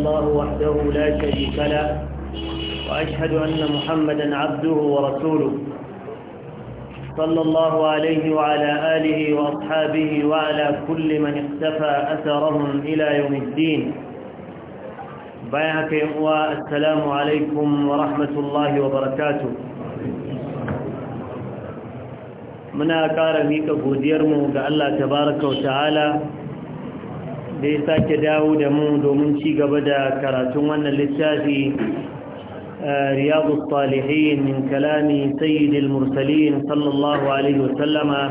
الله وحده لا شريك له وأشهد أن محمدا عبده ورسوله صلى الله عليه وعلى آله وأصحابه وعلى كل من اختفى أثرهم إلى يوم الدين بيعك والسلام عليكم ورحمة الله وبركاته من ƙara miƙa godiyarmu ga Allah tabaraka da ya sake dawo da mu domin ci gaba da karatun wannan littafi eh, riyadu salihin min kalami sayyidil mursalin sallallahu alaihi wasallama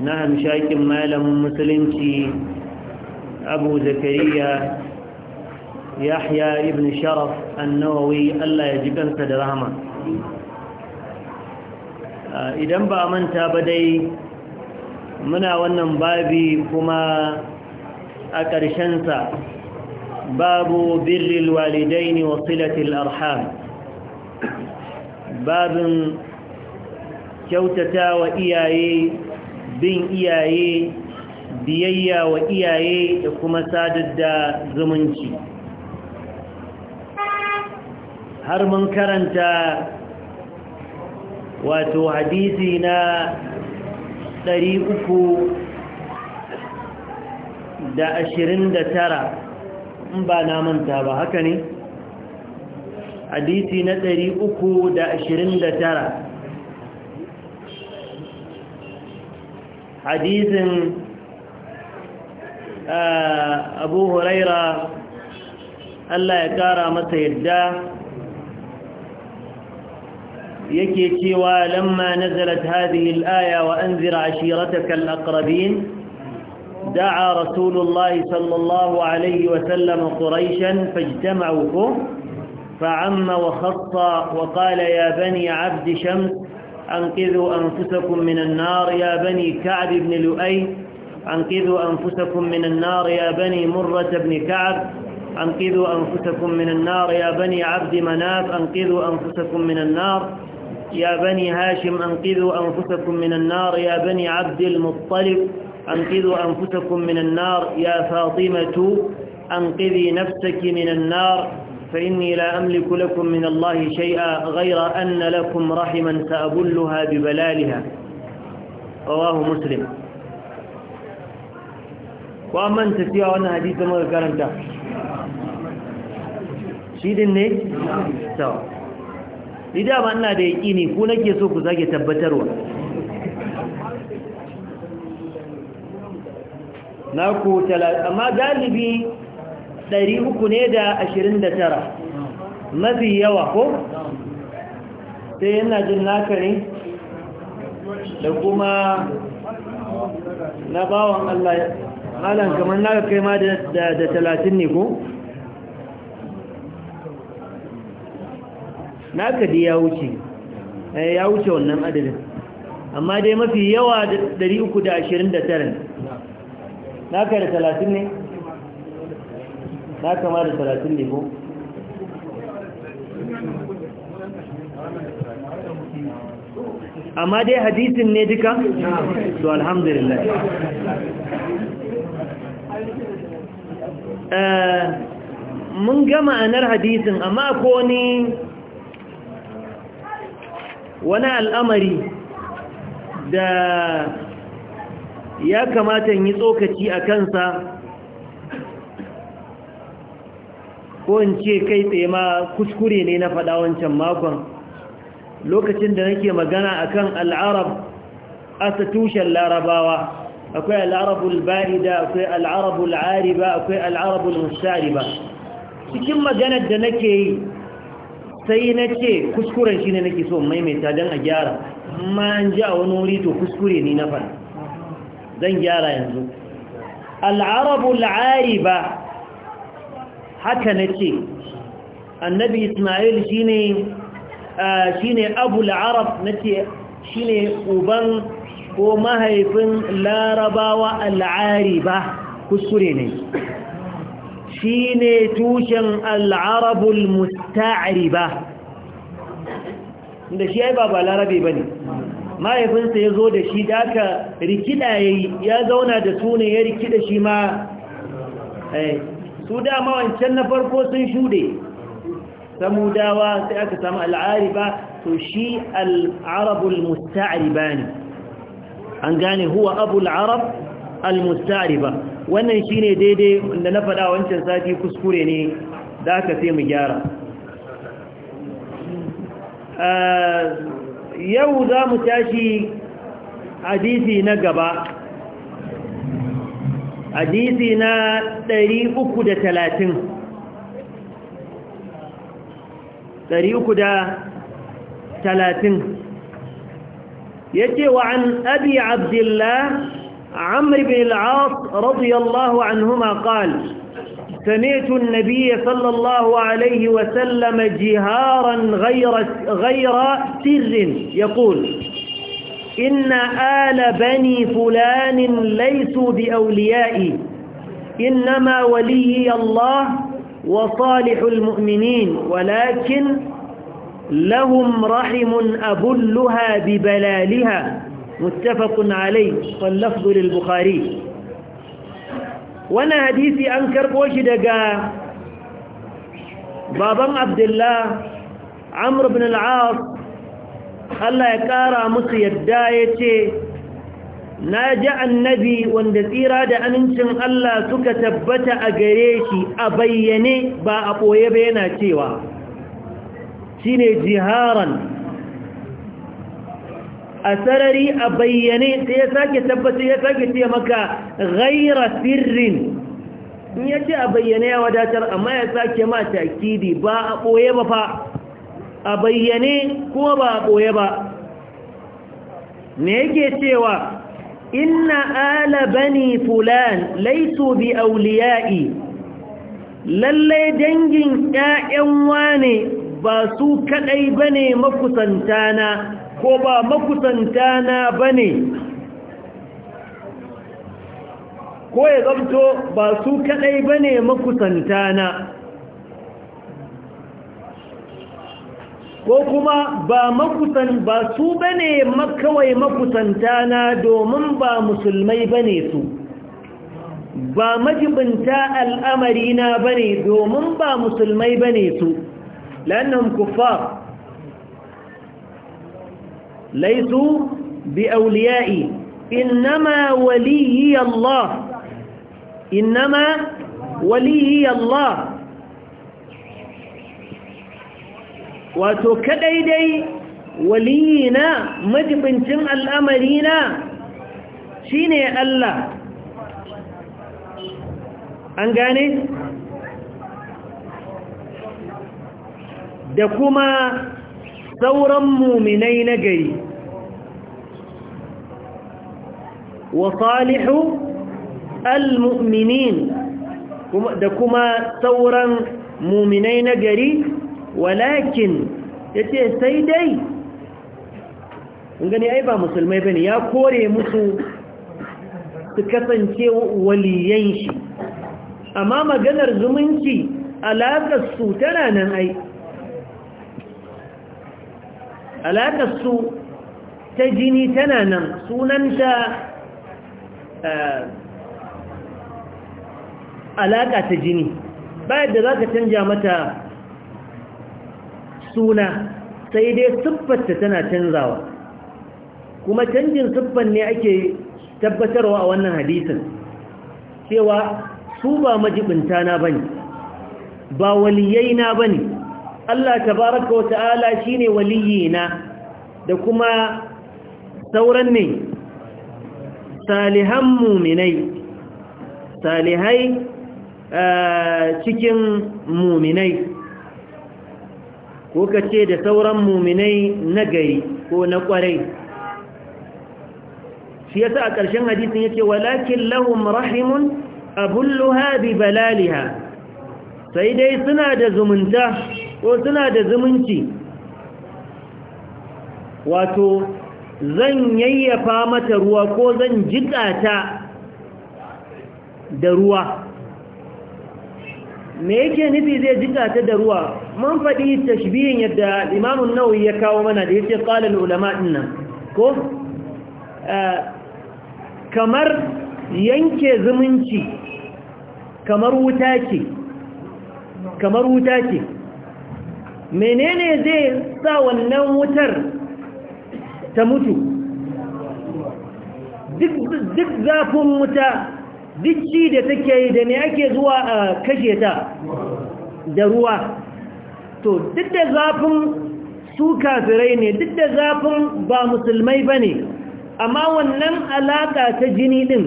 na hamshakin malamin musulunci abu zakariya yahya ibn sharaf annawawi allah ya ji kansa da rahama eh, idan ba manta ba dai muna wannan babi kuma a ƙarshensa babu birril walidaini wa silatil arham babin kyautata wa iyaye bin iyaye biyayya wa iyaye da kuma sadar da zumunci har mun karanta wato hadisi na uku. da ashirin da tara in ba na manta ba haka ne hadisi na ɗari uku da ashirin da tara hadisin uh, abu huraira Allah ya ƙara masa yadda yake cewa lamma nazalat hadhihi al-aya wa anzira ashiratakal aqrabin دعا رسول الله صلى الله عليه وسلم قريشا فاجتمعوا فيه فعم وخص وقال يا بني عبد شمس أنقذوا أنفسكم من النار يا بني كعب بن لؤي أنقذوا أنفسكم من النار يا بني مرة بن كعب أنقذوا أنفسكم من النار يا بني عبد مناف أنقذوا أنفسكم من النار يا بني هاشم أنقذوا أنفسكم من النار يا بني عبد المطلب أنقذوا أنفسكم من النار يا فاطمة أنقذي نفسك من النار فإني لا أملك لكم من الله شيئا غير أن لكم رحما سأبلها ببلالها رواه مسلم وأمن تسيع فيها وأنا مغير ما ذكرت shi din ne? tawa. Lidaba ina da yaƙini ko nake na ku amma galibi 300 ne da 29 mafi yawa ko sai yana jin naka ne da kuma na bawon Allah malam kamar naka kai ma da talatin ne ko naka di ya wuce eh, ya wuce wannan adadin amma dai mafi yawa 329 na kai da talatin ne na kama da talatin ne ko amma dai hadisin ne duka to alhamdulillah eh, mun gama anar hadisin amma ko ni wani al'amari da ya kamata yi tsokaci a kansa ko in ce kai tsaye ma kuskure ne na faɗa wancan makon lokacin da nake magana akan al'arab asa tushen larabawa akwai al'arabul ba'ida akwai al'arabul ariba akwai al'arabul musariba cikin maganar da nake yi sai na ce kuskuren shi ne nake so maimaita don a gyara amma an ji a wani wuri to kuskure ne na faɗa zan gyara yanzu alarabu ariba haka nace annabi isma'il shine shine abul na ce shine uban ko mahaifin larabawa al'ariba kuskure ne shine tushen alarabu musta'riba inda shi ai ba ba larabe bane mahaifinsa ya zo da shi da aka rikida ya yi ya zauna da su ne ya rikida shi ma eh, su dama wancan na farko sun shuɗe samudawa sai aka samu al'ariba to shi al'arabul musta'ariba ne an gane huwa abu al'arab al-musta'ariba wannan shi ne daidai da na faɗa wancan sati kuskure ne da aka sai mu gyara eh, yau za mu tashi hadisi na gaba hadisi na 330 ya ce wa an abi abdullahi amri bin al'as radiyallahu anhu سمعت النبي صلى الله عليه وسلم جهارا غير, غير سر يقول إن آل بني فلان ليسوا بأوليائي إنما ولي الله وصالح المؤمنين ولكن لهم رحم أبلها ببلالها متفق عليه واللفظ للبخاري wani hadisi an karɓo shi daga baban abdullah amr ibn al Allah ya kara musu yadda ya ce na ji annabi wanda tsira da amincin Allah suka tabbata a gare shi a bayyane ba a ɓoye ba yana cewa shi ne jiharan a sarari a bayyane sai ya sake tabbatar ya sake ce maka ghaira sirrin in ya ce a bayyane ya wadatar amma ya sake ma takidi ba a ɓoye ba fa a bayyane ko ba a ɓoye ba me yake cewa inna ala bani fulan laisu bi auliya'i lallai dangin ƴaƴan wane ba su kaɗai bane makusantana ko ba makusanta na ba ne. ko ya zamto ba su kaɗai ba ne makusanta na ko kuma ba makusan ba su ba ne kawai makusanta na domin ba musulmai ba ne su ba majibinta al'amari na bane domin ba musulmai bane su lannan kufar ليسوا بأوليائي إنما وليي الله إنما وليي الله وتكديدي ولينا مجبنتم الأمرين شيني الله أنقاني دكما sauran muminai na gari وصالح المؤمنين sauran muminai مؤمنين قري ya yace sai dai gani ai ba musulmai bane ya kore musu su kasance waliyan shi amma maganar zumunci alaƙar su tana nan ai alaƙar su ta jini tana nan sunanta Eh, alaka ta jini bayan da za ka canja mata suna sai dai siffarta tana canzawa kuma canjin siffan ne ake tabbatarwa a wannan hadisin cewa su ba majibinta na ba ne, ba waliyai na ba ne. Allah tabaraka wa ta'ala shine waliyina da kuma sauran ne salihan muminai salihai cikin muminai ko ka ce da sauran muminai na gari ko na kwarai shi yasa a ƙarshen hadisin yake walakin lahum rahimun abulluha bi balaliha sai dai suna da zumunta ko suna da zumunci wato zan yayyafa mata ruwa ko zan jiƙa ta da ruwa me yake nufi zai jiƙa ta da ruwa man faɗi tashbihin yadda imamun nawawi ya kawo mana da yace qalal ulama dinnan ko eh, kamar yanke zumunci kamar wuta ce kamar wuta ce menene zai sa wannan wutar ta mutu duk zafin wuta duk ci da take yi da ne ake zuwa a kashe ta da ruwa to duk da zafin su kafirai ne duk da zafin ba musulmai ba ne amma wannan alaƙa ta jini ɗin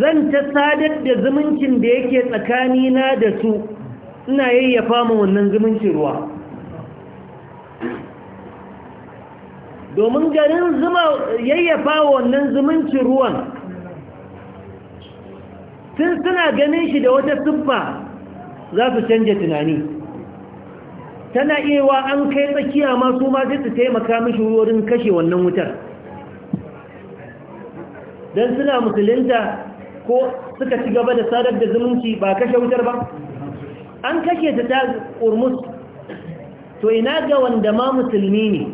zan ta sadar da zumuncin da yake tsakanina da su ina yayyafa ma wannan zumuncin ruwa domin garin zuma yayyafa wannan zumuncin ruwan tun suna ganin shi da wata siffa za su canje tunani tana iya an kai tsakiya masu ma su taimaka mishi wurin kashe wannan wutar don suna musulunta ko suka ci gaba da sadar da zumunci ba kashe wutar ba an kashe ta ta to ina ga wanda ma musulmi ne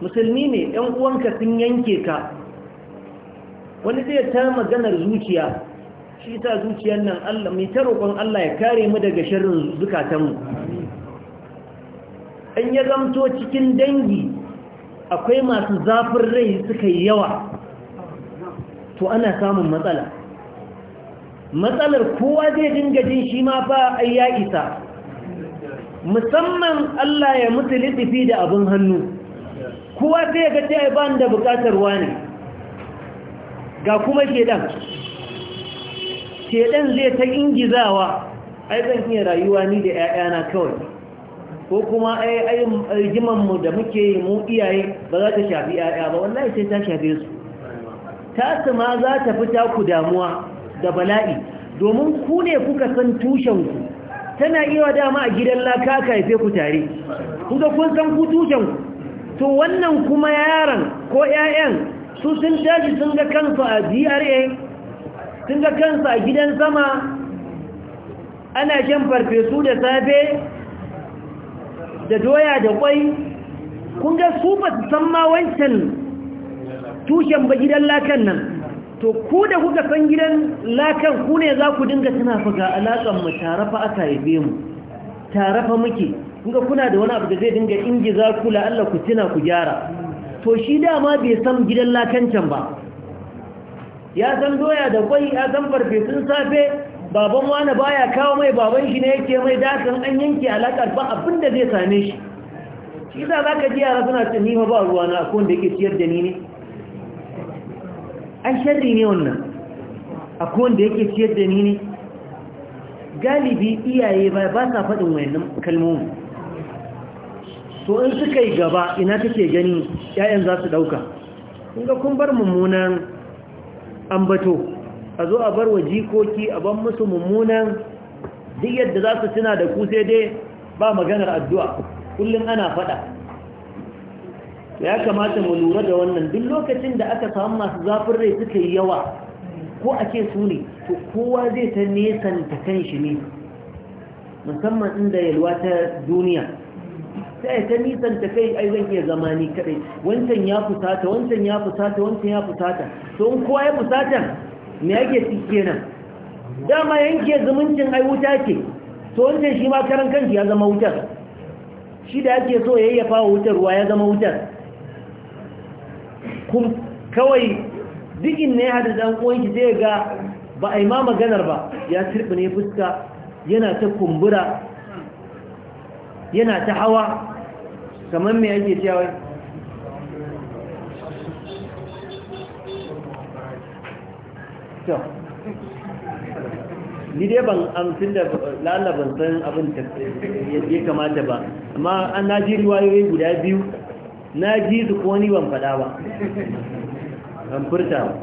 musulmi ne 'yan uwanka sun yanke ka wani zai ta maganar zuciya shi ta zuciyar nan Allah mai ta roƙon Allah ya kare mu daga shirin zukatanmu an ya zamto cikin dangi akwai masu zafin rai suka yi yawa to ana samun matsala matsalar kowa zai dinga jin shi ma a yi ya isa musamman Allah ya mutu litifi da abin hannu Kuwa sai ya gace ai bani da bukatar wani ga kuma shedan shedan zai ta ingizawa ai zan iya rayuwa ni da 'ya'yana kawai ko kuma ai ai rigimanmu da muke yi mu iyaye ba za ta shafi 'ya'ya ba wallahi sai ta shafe su su ma za ta fita ku damuwa da bala'i domin ku ne kuka san tushen ku. tana iya dama a gidan laka ka haife ku tare kuka kun san ku tushen ku. to wannan kuma yaran ko 'ya'yan su sun tashi sun ga kansu a DRA, sun ga kansu a gidan sama ana shan farfesu da safe da doya da kwai kun ga su ba su san ma wancan tushen ba gidan lakan nan to ku da kuka san gidan lakan ku ne za ku dinga tana faga alaƙan mu tare fa aka haife mu tare fa muke kunga kuna da wani abu da zai dinga za ku la'alla ku tuna ku gyara to shi dama bai san gidan lakancan ba ya san doya da kwai ya san farfesun safe baban wani baya kawo mai baban shi ne yake mai dakan an yanke alakar ba abinda zai same shi shi za ka ji yara suna cin nima ba ruwa na akwai da yake ciyar da ni ne an sharri ne wannan akwai wanda yake siyar da ni ne galibi iyaye ba sa faɗin wayannan kalmomi to in suka yi gaba ina take gani ‘ya'yan za su ɗauka ga kun bar mummunan ambato a zo a bar wa jikoki a ban musu mummunan duk yadda za su tuna da ku sai dai ba maganar addu'a kullum ana faɗa ya kamata mu lura da wannan duk lokacin da aka samu masu zafin rai suka yi yawa ko a ce su ne to kowa zai ta nesanta kan shi ne musamman inda yalwa ta duniya sai ta nisan ta kai ai zan iya zama ni kadai wancan ya fusata wancan ya fusata wancan ya fusata to in kowa ya fusata me yake ci kenan dama yanke zumuncin ai wuta ce to wancan shi ma karan kanshi ya zama wutar shi da yake so fa wutar ruwa ya zama wutar kun kawai dukin ne ya hada dan uwanki ki zai ga ba ai ma maganar ba ya tirbi ne fuska yana ta kumbura yana ta hawa kamar mai ake cewa ni dai ban amsin da lalaban san abin da ya kamata ba amma an na ji riwayoyi guda biyu na ji su ko ni ban faɗa ba ban furta ba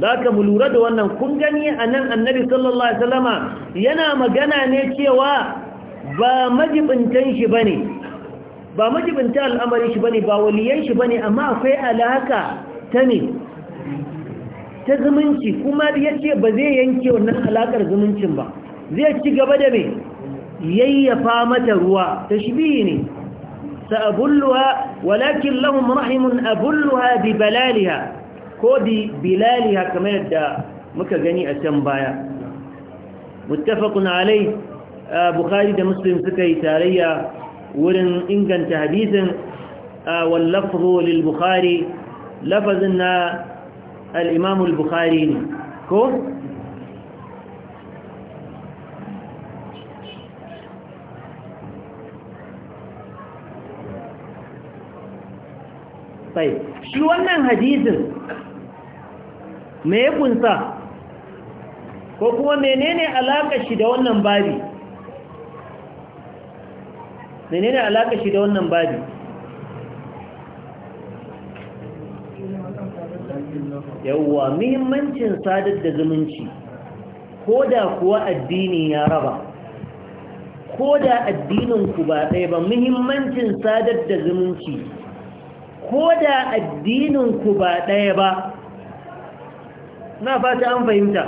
za ka mu lura da wannan kun gani a nan annabi sallallahu alaihi wasallama yana magana ne cewa ba majibintan shi bane ba majibinta al'amarin shi bane ba waliyan shi bane amma akwai alaka ta ne ta zumunci kuma ya ce ba zai yanke wannan alakar zumuncin ba zai ci gaba da mai yayyafa mata ruwa ta shibi ne sa'abulluwa walakin lahum rahimun abulluwa bi balaliha ko bi bilaliha kamar yadda muka gani a can baya muttafaqun alai bukhari da muslim suka yi tarayya wurin inganta hadisin wallafzo lil bukhari lafazin na al bukhari ne ko? sai shi wannan hadisin me ya kunsa ko kuma menene alaƙa shi da wannan babi menene alaƙa shi da wannan babi yawwa muhimmancin sadar da zumunci ko da kuwa addini ya raba ko da addininku ba ɗaya ba muhimmancin sadar da zumunci ko da addininku ba ɗaya ba na fata an fahimta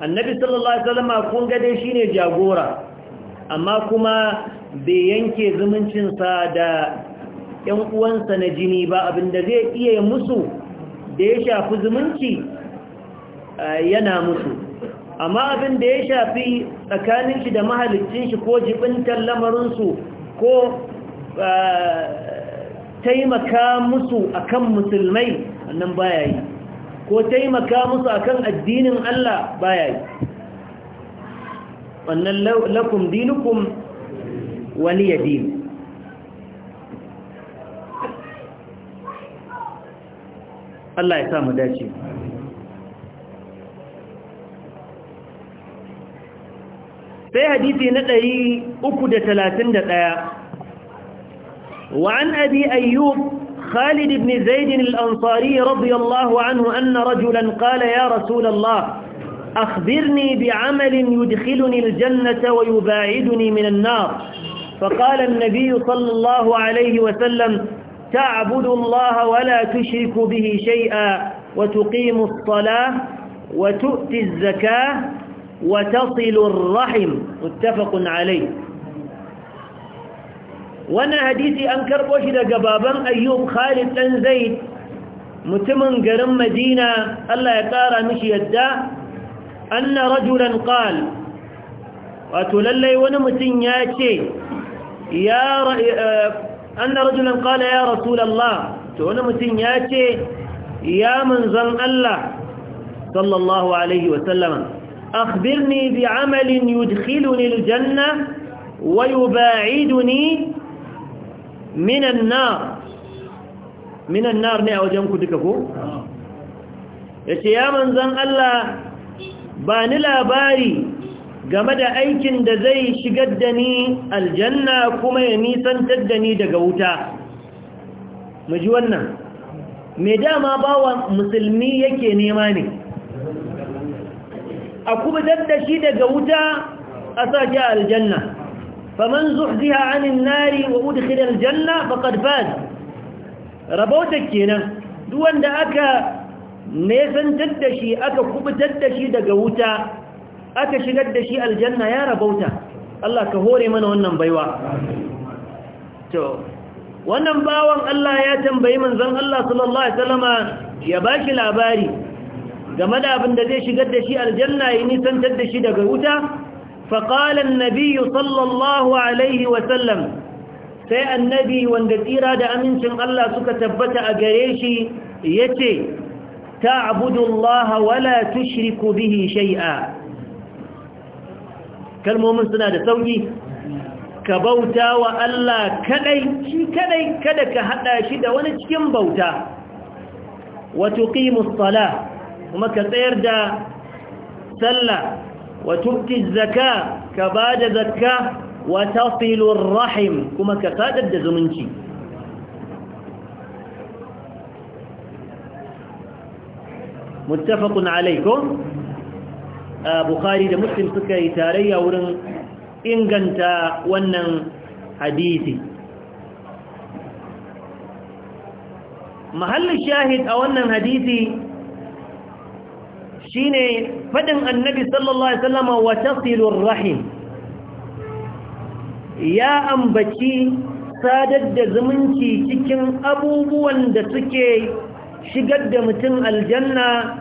annabi sallallahu alaihi wasallam kun ga dai shine jagora amma kuma bai yanke zumuncinsa da ‘yan uwansa na jini ba abinda zai iya musu da ya shafi zumunci yana musu amma abinda ya shafi tsakanin shi da mahalicin shi ko jibintar lamarinsu ko taimaka musu akan musulmai nan baya yi ko taimaka musu akan addinin Allah baya yi وأن لكم دينكم ولي دين الله يسام داشي في حديث نقعي أكد ثلاثين دقايا وعن أبي أيوب خالد بن زيد الأنصاري رضي الله عنه أن رجلا قال يا رسول الله أخبرني بعمل يدخلني الجنة ويباعدني من النار فقال النبي صلى الله عليه وسلم تعبد الله ولا تشرك به شيئا وتقيم الصلاة وتؤتي الزكاة وتصل الرحم متفق عليه وانا hadisi أنكر وشد قبابا أيوب خالد ayyub khalid dan zaid مدينة garin madina Allah ya أن رجلا قال وتللي ونمتن ياتي يا ر... أن رجلا قال يا رسول الله ونمتن ياتي يا من زن الله صلى الله عليه وسلم أخبرني بعمل يدخلني الجنة ويباعدني من النار من النار ne a wajen ku duka ba ni labari game da aikin da zai shigar da ni aljanna kuma ya nisantar da ni daga wuta mu ji wannan me dama bawa musulmi yake nema ne a kubutar dadda shi daga wuta a sa aljanna faman zuhziha anin nari wa udkhila aljanna faqad faz rabautak kenan duk wanda aka nesantar da shi aka kubutar da shi daga wuta aka shigar da shi aljanna ya rabauta Allah ka hore mana wannan baiwa to wannan bawan Allah ya tambayi manzon Allah sallallahu alaihi wasallama ya bashi labari game da abin da zai shigar da shi aljanna ya nisantar da shi daga wuta فقال النبي صلى الله عليه وسلم sai annabi wanda tsira da amincin Allah suka tabbata a gare shi yace تعبد الله ولا تشرك bihi shai'a kalmomin suna da sauki ka bauta wa Allah kadai shi kadai kada ka hada shi da wani cikin bauta wa tuqimus salah kuma ka tsayar da sallah wa tu'ti zakka ka bada zakka wa tasilur rahim kuma ka sadar da zumunci muttafaqun alaikum bukhari da muslim suka yi tarayya wurin inganta wannan hadisi mahallin shahid a wannan hadisi shine fadin annabi sallallahu alaihi wasallam wa tasilur rahim ya ambaci sadar da zumunci cikin abubuwan da suke shigar da mutum aljanna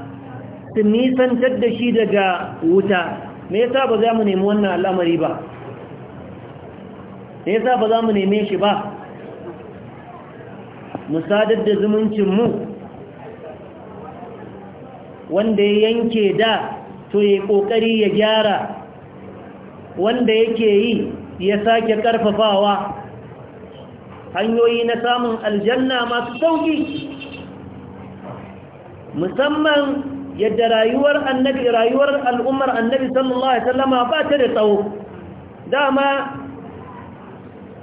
su nisantar da shi daga wuta me yasa ba za mu nemi wannan al'amari ba me yasa ba za mu neme shi ba mu sadar da zumuncinmu wanda ya yanke da to ya kokari ya gyara wanda yake yi ya sake karfafawa hanyoyi na samun aljanna masu sauki musamman yadda rayuwar annabi rayuwar al'ummar annabi sallallahu alaihi wasallama ba ta da tsawo dama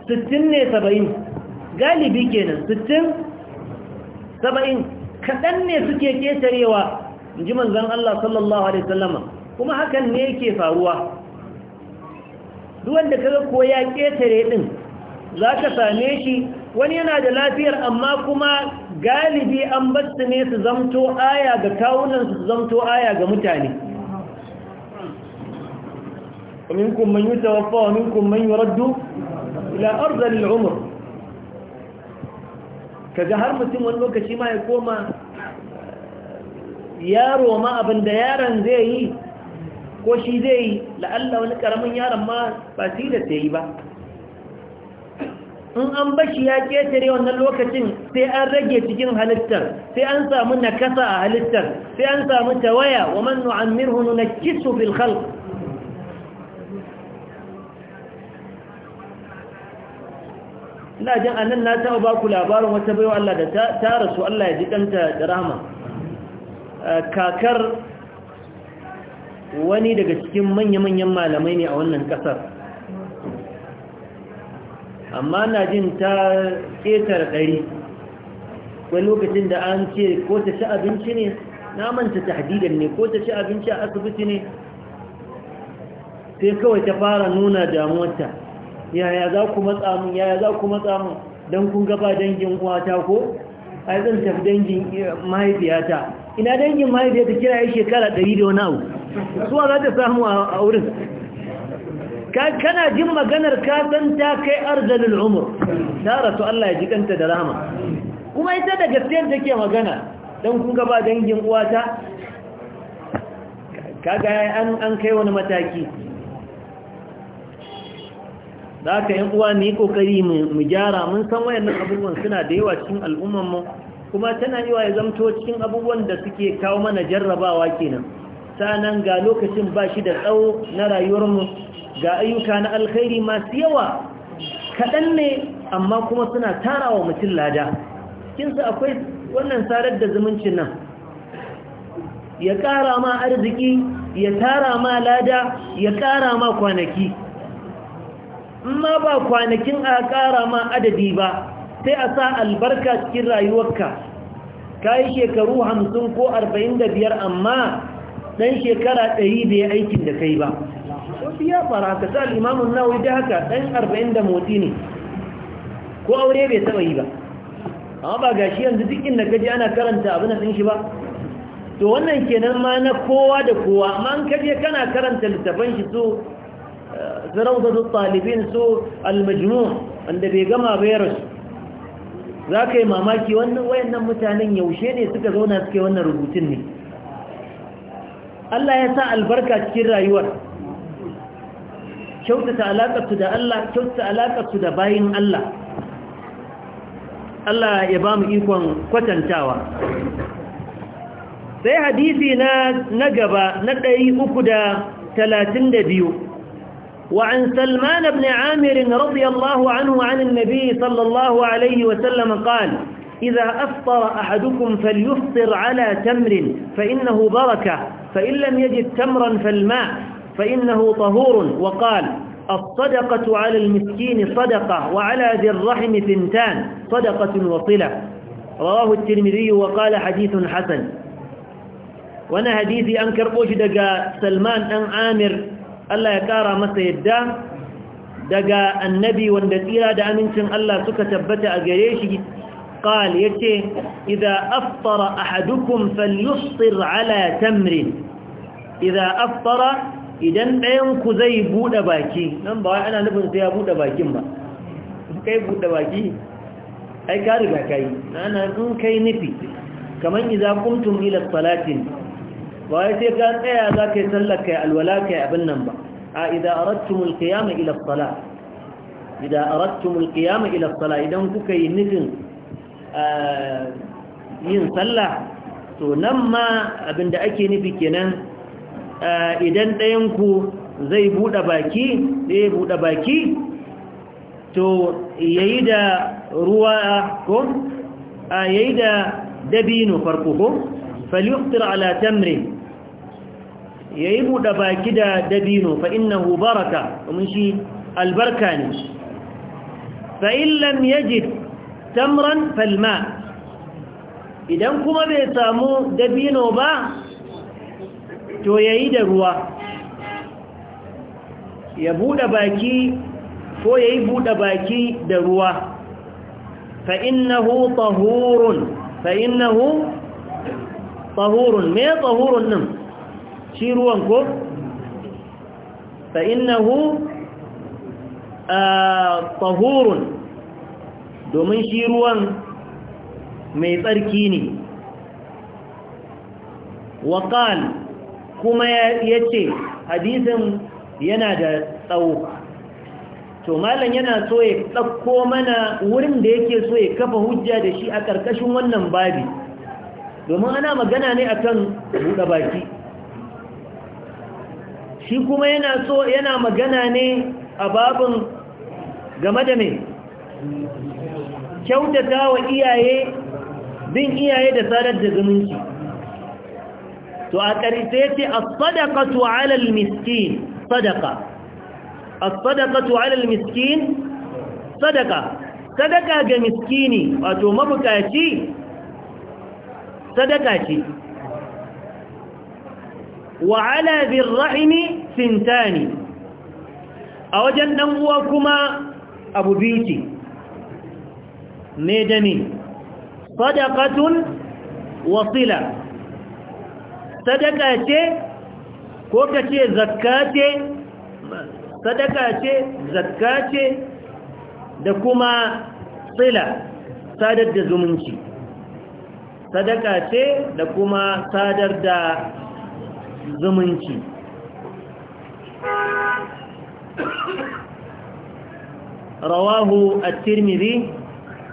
60 ne 70 galibi kenan 60 70 kadan ne suke ketarewa inji manzon Allah sallallahu alaihi wasallama kuma hakan ne yake faruwa duk wanda kaga ko ya ketare din ka same shi wani yana da lafiyar amma kuma galibi an basu ne su zamto aya ga kawunan su zamto aya ga mutane minkum man yutawaffa wa minkum man yuraddu ila arzalin Umar. Ka ga har mutum wani lokaci ma ya koma eh, yaro ma abinda yaron zai yi ko shi zai yi la'alla wani karamin yaron ma ba da ta yi ba in an bashi ya ketare wannan lokacin sai an rage cikin halittar sai an samu nakasa a halittar sai an samu tawaya wa man nu'ammirhu nunakkisu fil khalq ina jin na taɓa ba ku labarin wata baiwa Allah da ta rasu Allah ya ji danta da rahama eh, kakar wani daga cikin manya-manyan malamai ne a wannan kasar amma na jin ta ƙetar ɗari wani lokacin da an ce ko ta ci abinci ne namanta hadidan ne ko ta ci abinci a asibiti ne sai kawai ta fara nuna damuwarta yaya za ku matsa yaya za ku matsa don kun gaba dangin uwata ko ai zan tafi dangin eh, mahaifiyata ina dangin mahaifiyata kira ya shekara ɗari da wani abu suwa za ta samu a wurin kana jin maganar ka san ta kai Arzalin, umur ta rasu Allah ya ji kanta da rahama kuma ita da gaskiyar take magana don kun ga ba dangin uwata kaga an an kai wani mataki Za ka yan uwa ne kokari mu gyara mun san wayannan abubuwan suna da yawa cikin al'ummar mu kuma tana yiwa ya zamto cikin abubuwan da suke kawo mana jarrabawa kenan sanan ga lokacin ba shi da tsawo na rayuwarmu ga ayyuka na alkhairi masu yawa kaɗan ne amma kuma suna tarawa wa mutum lada kinsa akwai wannan sarar da zumuncin nan ya ƙara ma arziki ya tara ma lada ya ƙara ma kwanaki ma ba kwanakin a ƙara ma adadi ba sai a sa albarka cikin rayuwarka ka yi shekaru hamsin ko arba'in da biyar amma dan shekara ɗari bai ya aikin da kai ba wasu ya fara ka sa limamin nawawi da haka dan arba'in da motsi ne ko aure bai taba yi ba amma ba gashi yanzu duk inda kaji ana karanta abin da shi ba to wannan kenan ma na kowa da kowa amma an kaje kana karanta littafan shi su eh, talibin su almajmu wanda bai gama ba ya za ka yi mamaki wannan wayannan mutanen yaushe ne suka zauna suke wannan rubutun ne Allah ya sa albarka cikin rayuwar kyautata alaƙarsu da Allah kyautata alaƙarsu da bayin Allah Allah ya ba mu ikon kwatantawa sai hadisi na gaba na ɗari uku da talatin da biyu وعن سلمان بن عامر رضي الله عنه عن النبي صلى الله عليه وسلم قال إذا أفطر أحدكم فليفطر على تمر فإنه بركة فإن لم يجد تمرا فالماء فإنه طهور وقال الصدقة على المسكين صدقة وعلى ذي الرحم ثنتان صدقة وصلة رواه الترمذي وقال حديث حسن وانا حديثي أنكر قوش سلمان أن آمر الله يكارى مس يداه دقى النبي wanda tsira da amincin Allah سكتبت tabbata قال يتي إذا أفطر أحدكم فليفطر على تمر إذا أفطر idan zai buɗe baki nan ba ana nufin sai ya buɗe bakin ba kai buɗe baki ai ka riga kai ana kun kai nufi kaman kuntum ila salatin ba sai ka tsaya za ka yi sallar kai alwala kai abin nan ba a idan aradtumul qiyama ila ila salat idan kuka yi nufin Eh, yin sallah to nan ma abinda ake nufi kenan eh, idan ɗayanku zai buɗe baki zai buɗe baki to yayi da ruwa ko yayi da dabino farko ko falyuftir ala tamrin yayi buɗe baki da dabino fa innahu baraka kuma shi albarka ne fa in lam yajid tamran falma idan kuma bai samu dabino ba to ya yi da ruwa ya buɗe baki ko ya yi buɗe baki da ruwa fa'innahu tahurun fa'innahu tahurun me tahurun nan shi ruwan ko? fa'innahu ah, tahurun domin shi ruwan mai tsarki ne waƙal kuma ya ce hadisun yana da tsawo to malam yana so ya tsakko mana wurin da yake so ya kafa hujja da shi a ƙarƙashin wannan babi domin ana magana ne akan buɗe baki shi kuma yana so yana magana ne a babin game da mai kyautata wa iyaye bin iyaye da sadar da zumunci to a ƙarshe ce as-sadaqatu 'ala miskin sadaka a sadaka 'ala al-miskin sadaka sadaka ga miskini wato mabukaci sadaka ce wa 'ala dhirrahimi sintani a wajen dan uwa kuma abu biyu me da me sadaqatun wasila sadaka ce ko kace zakka ce sadaka ce zakka ce da kuma sila sadar da zumunci sadaka ce da kuma sadar da zumunci rawahu at-tirmidhi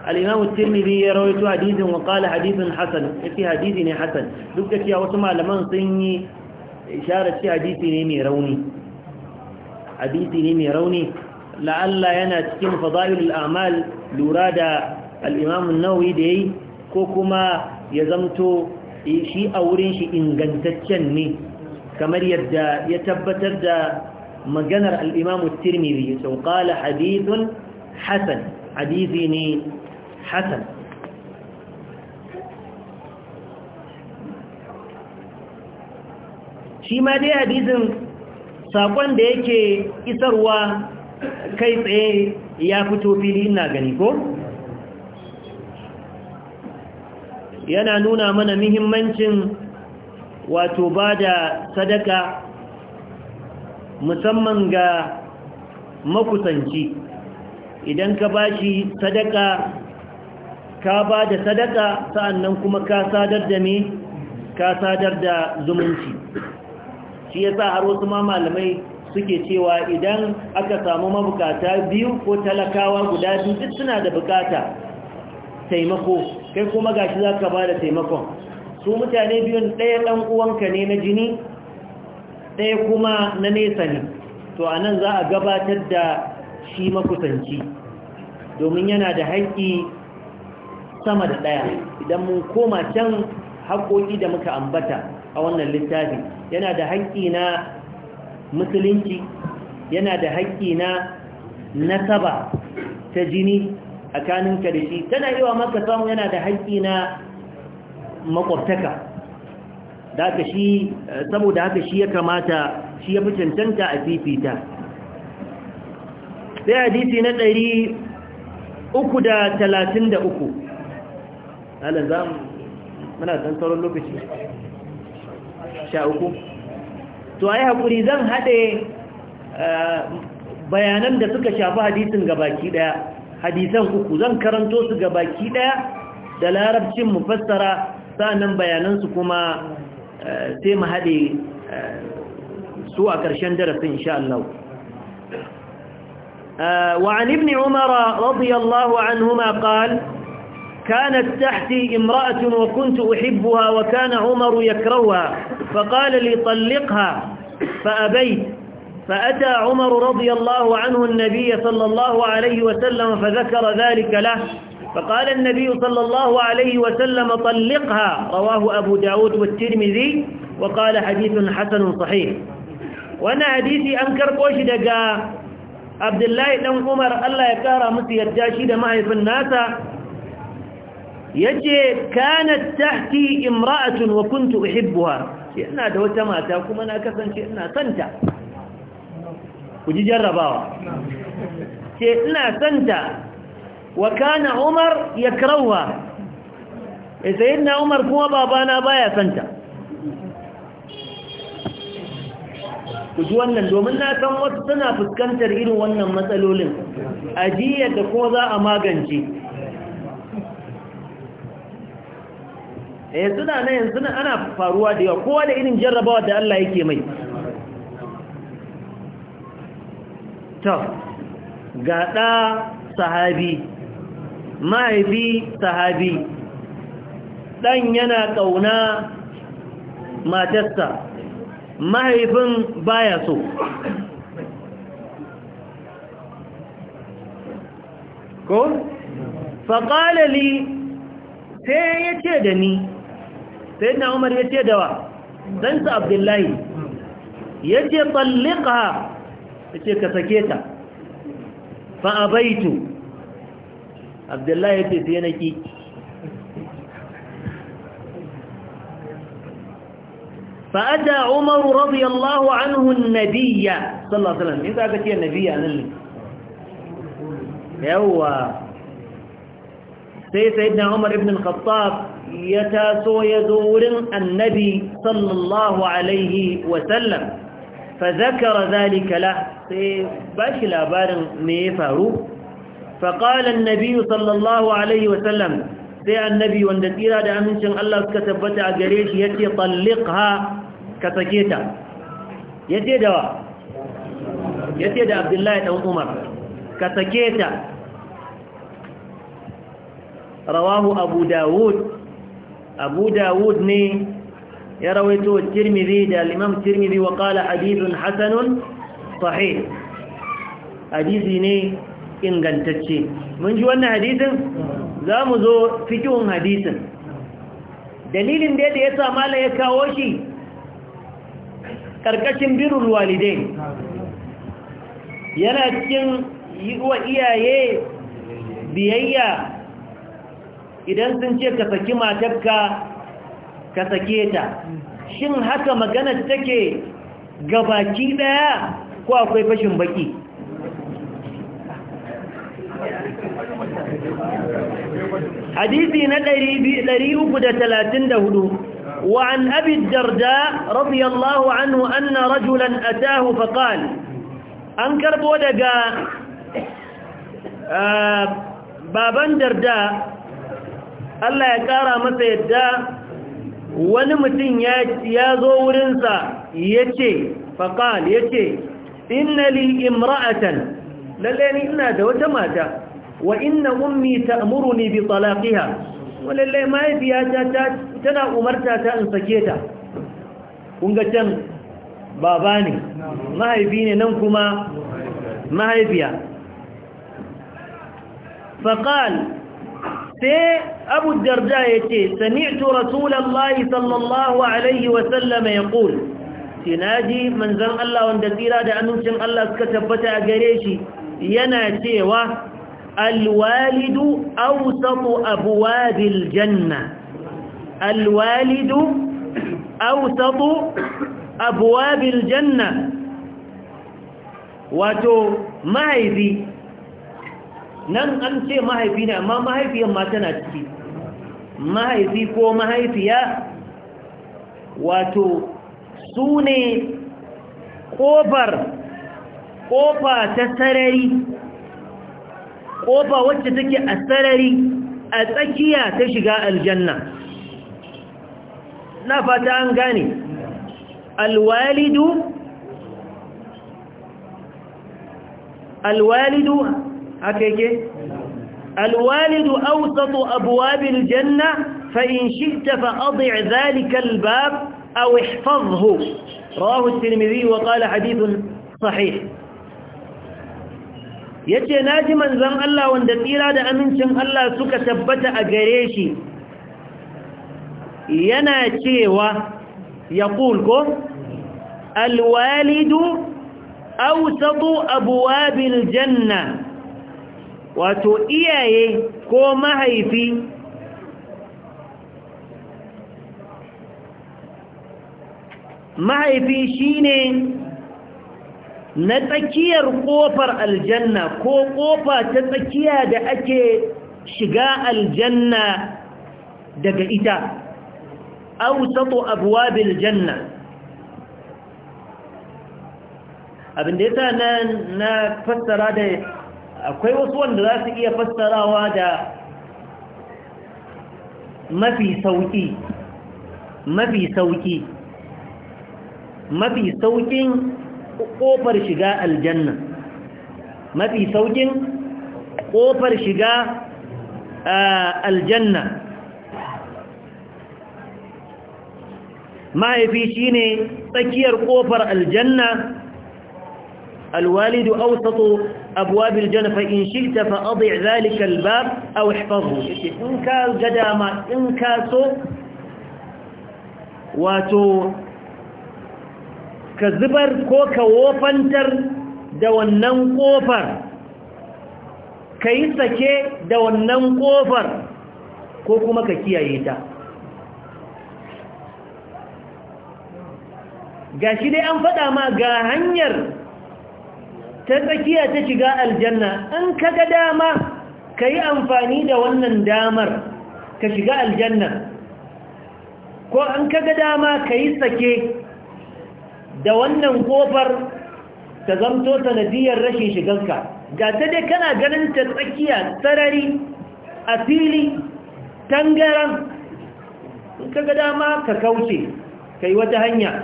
alimamu imam tirmidhi ya rawaito hadithin wa qala hadithun hasan yace hadisi ne hasan duk da cewa wasu malaman sun yi isharar cewa hadisi ne mai rauni hadisi ne mai rauni la'alla yana cikin fadailul a'mal lura da al nauyi an-nawawi da yayi ko kuma ya zamto shi a wurin shi ingantaccen ne kamar yadda ya tabbatar da maganar alimamu imam at-tirmidhi ya qala hadithun hasan hadisi ne حسن shi ma dai hadisin sakon da yake isarwa kai tsaye ya fito fili ina gani ko yana nuna mana muhimmancin wato ba da sadaka musamman ga makusanci idan ka ba shi sadaka ka ba da sadaka sa'annan kuma ka sadar da me ka sadar da zumunci shi ya sa har wasu ma malamai suke cewa idan aka samu mabukata biyu ko talakawa guda biyu duk suna da bukata taimako kai kuma gashi za ka ba da taimakon su mutane biyun ɗaya ɗan uwanka ne na jini ɗaya kuma na nesa ne to a nan za a gabatar da shi makusanci domin yana da haƙƙi sama da ɗaya idan mun koma can haƙoƙi da muka ambata a wannan littafi yana da haƙƙi na musulunci yana da haƙƙi na nasaba ta jini a kaninka da tana yi wa maka samu yana da haƙƙi na makwabtaka saboda haka shi ya kamata shi ya fi cancanta a fifita sai hadisi na ɗari uku da talatin da uku halin za muna sauran lokaci sha uku to a yi haƙuri zan haɗe eh, bayanan da suka shafi hadisin gabaki ɗaya hadisan uku zan karanto su gabaki ɗaya da larabcin mu fassara sa'annan bayanansu kuma eh, sai mu haɗe eh, su a ƙarshen darasin insha Allah وعن ابن عمر رضي الله عنهما قال كانت تحتي امرأة وكنت أحبها وكان عمر يكرهها فقال لي طلقها فأبيت فأتى عمر رضي الله عنه النبي صلى الله عليه وسلم فذكر ذلك له فقال النبي صلى الله عليه وسلم طلقها رواه أبو داود والترمذي وقال حديث حسن صحيح وانا حديثي أنكر قوشي دقاء عبد الله بن عمر الله يكارى مسيح الجاشد معي في الناس yace kanat tahti imra'atun wa kuntu uhibbuha ina da wata mata kuma na kasance ina santa ku ji jarrabawa ce ina santa wa kana umar yakrawa eh sayyidina umar kuma babana baya santa ku ji wannan domin na san wasu suna fuskantar irin wannan matsalolin ajiya da kuma za a magance eh suna na yanzu ana faruwa da yawa kowa da irin jarrabawa da Allah yake mai to ga sahabi mahaifi sahabi dan yana kauna matarsa mahaifin baya so ko faƙalali sai ya ce da ni sai na umar ya ce da wa ɗansa abdullahi ya ce tsallika ya ce ka sake ta fa'abaitu abdullahi ya ce sai na ki fa'ada عمر رضي الله عنه النبي صلى الله ce وسلم إذا كتير النبي sai sayyidina Umar ibn al-Khattab ya taso ya zo wurin annabi sallallahu alaihi wa sallam fa zakara zalika la sai bashi labarin me ya faru fa qala an-nabi sallallahu alaihi wa sallam sai annabi wanda tsira da amincin Allah suka tabbata a gare shi yace talliqha ka sake ta yace da yace da Abdullahi dan Umar ka sake ta rawahu abu dawud abu dawud ne ya rawaito tirmidhi da imam tirmidhi wa qala hadithun hasanun sahih hadisi ne ingantacce mun ji wannan hadisin za mu zo fikihun hadisin dalilin da ya sa mala ya kawo shi karkashin birul walidai yana cikin yi wa iyaye biyayya idan sun ce ka saki matakka ka sake ta shin haka magana take gabaki daya ko akwai fashin baki hadisi na 334 wa'an abi darda radiyallahu anhu anna rajulan ataahu faqal an karbo daga ah, baban darda Allah ya kara masa yadda wani mutum ya zo wurinsa ya ce faƙal ya ce inna li imra'atan lalle ni ina da wata mata wa inna ummi ta'muruni bi talaqiha wa lalle mahaifiyata tana umarta ta in sake ta kunga can baba ne mahaifi ne nan kuma mahaifiya Fakal. sai abu darda ya ce sami'tu rasulallahi sallallahu alaihi wasallama ya ƙul ce na manzan Allah wanda tsira da amincin Allah suka tabbata a gare shi yana cewa alwalidu awsatu abwabil janna alwalidu awsatu abwabil janna wato mahaifi nan an ce mahaifi ne amma mahaifiyar ma tana ciki mahaifi ko mahaifiya wato su ne ƙofar ƙofa ta sarari ƙofa wacce take a sarari a tsakiya ta shiga aljanna na fata an gane alwalidu alwalidu haka yake alwalidu awsatu abwabil janna fa in shi'ta fa ad'i dhalika albab aw ihfazhu rawahu at-tirmidhi wa qala hadithun sahih yace naji manzon Allah wanda tsira da amincin Allah suka tabbata a gare shi yana cewa yaqul ko alwalidu awsatu abwabil janna wato iyaye ko mahaifi mahaifi shine na tsakiyar ƙofar aljanna ko ƙofa ta tsakiya da ake shiga aljanna daga ita awsatu abwabil janna abin da ya na na fassara da akwai wasu wanda za su iya fassarawa da mafi sauki mafi sauki mafi saukin kofar shiga aljanna mafi saukin kofar shiga aljanna mahaifi shine tsakiyar kofar aljanna alwalidu awsatu أبواب الجنة فإن شئت فأضع ذلك الباب أو احفظه إن كان قداما إن كاسو واتو كذبر كوكا وفنتر دوانا قوفر كيسك دوانا قوفر كوكما ككيا يتا gashi dai an faɗa ma ga hanyar ta tsakiya ta shiga aljanna an kaga dama ka yi amfani da wannan damar ka shiga aljanna ko an kaga dama ka yi sake da wannan kofar ta zamto sanadiyar rashin shiganka ga ta dai kana ganin ta tsakiya sarari a fili tangaran kaga dama ka kauce ka yi wata hanya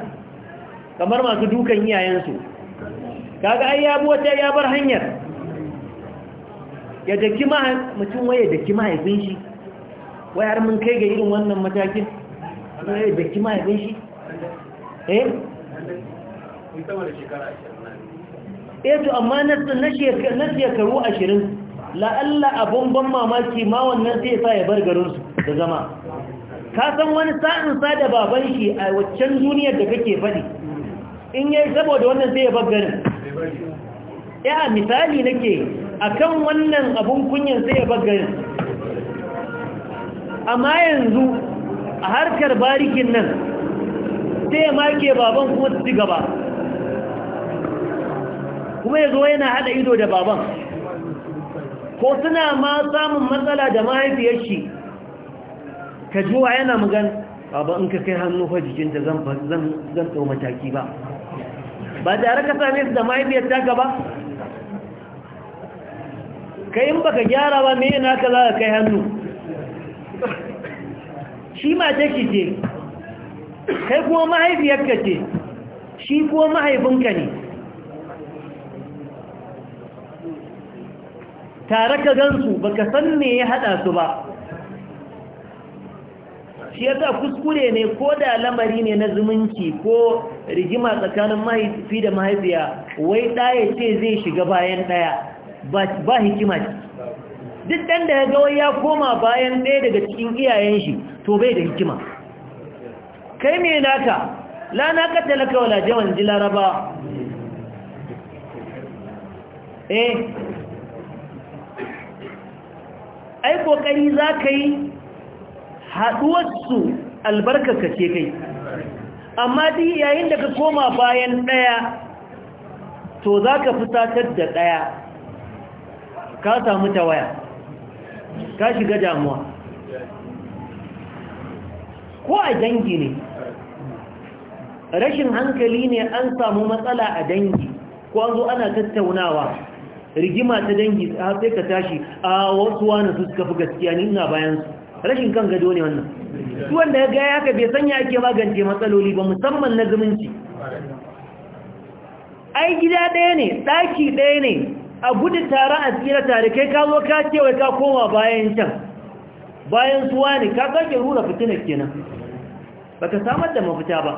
kamar masu dukan iyayensu kaga ai ya bi wata ya bar hanyar ya daki mutum waye daki ya binshi waye har mun kai ga irin wannan matakin waye daki ya binshi eh eh to amma na shekaru ashirin la'alla abun ban mamaki ma wannan sai sa ya bar garinsu da zama ka san wani sa'in sa da baban shi a waccan duniyar da kake faɗi in yayi saboda wannan sai ya bar garin ya misali nake akan wannan abun kunyan sai ya bagare amma yanzu a harkar barikin nan sai ya make baban kuma su gaba kuma ya zo yana hada ido da baban ko suna ma samun matsala da mahaifiyar shi ka juwa yana magan baban in ka kai hannu fa jikinta zan zan mataki ba ba tare ka same su da mahaifiyar taka ba yi in baka gyara ba me yana ka za ka kai hannu shi ma ta ce kai kuma mahaifiyarka ce shi kuma mahaifinka ne tare ka gansu baka san me ya hada su ba shi yasa kuskure ne ko da lamari ne na zumunci ko rigima tsakanin mahaifi da mahaifiya wai ɗaya ce zai shiga bayan ɗaya ba hikima ce duk ɗan da ya ga ya koma bayan ɗaya daga cikin iyayen shi to bai da hikima kai me naka lana na kattala kawala jawan ji laraba eh ai kokari za ka yi haɗuwarsu albarkaka ce kai amma di yayin da ka koma bayan ɗaya to za ka fusatar da ɗaya ka samu tawaya ka shiga damuwa ko a dangi ne rashin hankali ne an samu matsala a dangi ko an zo ana tattaunawa rigima ta dangi sai ka tashi a wasu wani su suka fi gaskiya ni ina bayansu rashin kan gado ne wannan su wanda ya gaya ka bai sanya ake magance matsaloli ba musamman na zumunci ai gida ɗaya ne ɗaki ɗaya ne a gudu tare a tsira tare kai ka zo ka cewa ka koma bayan can bayan suwa ne ka sake rura fitina kenan baka samar da mafita ba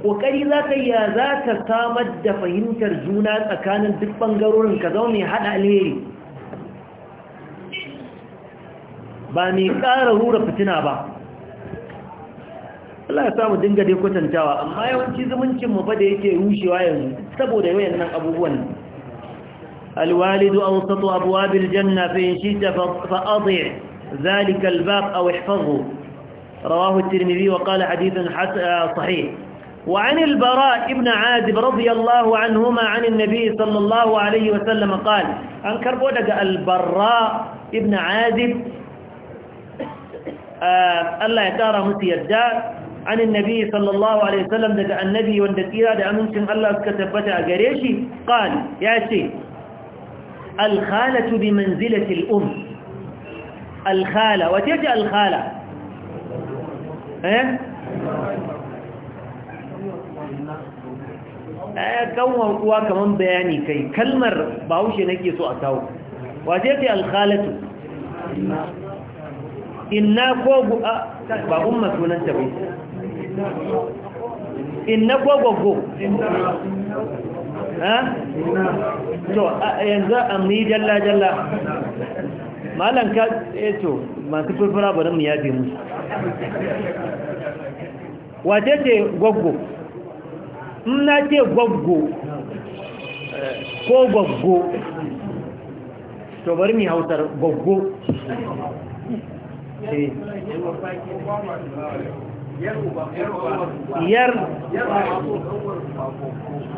ƙoƙari za ka yi za ka samar da fahimtar juna tsakanin duk ɓangarorin ka zaune haɗa alheri ba mai ƙara hura fitina ba Allah ya samu dinga dai kwatantawa amma yawanci zumuncinmu ba da yake rushewa yanzu saboda yawan nan abubuwan الوالد أوسط أبواب الجنة فإن شئت فأضع ذلك الباب أو احفظه رواه الترمذي وقال حديث صحيح وعن البراء ابن عازب رضي الله عنهما عن النبي صلى الله عليه وسلم قال أنكر بودك البراء ابن عازب آه، الله يتارى الدار عن النبي صلى الله عليه وسلم دقى النبي واندتيرا دقى منكم الله كتبتها قريشي قال يا سي الخالة بمنزلة الأم الخالة وتجع الخالة ايه آه، كم هو كمان بياني كي كلمر باوشي نكي سؤال تاو الخالة inna ko a ba umma sunan ta bai inna ko go ha to yanzu amni jalla jalla malan ka eh to masu furfura bari mu yabe musu wace ce gogo na ce gogo ko gogo to bari mu hausar gogo yar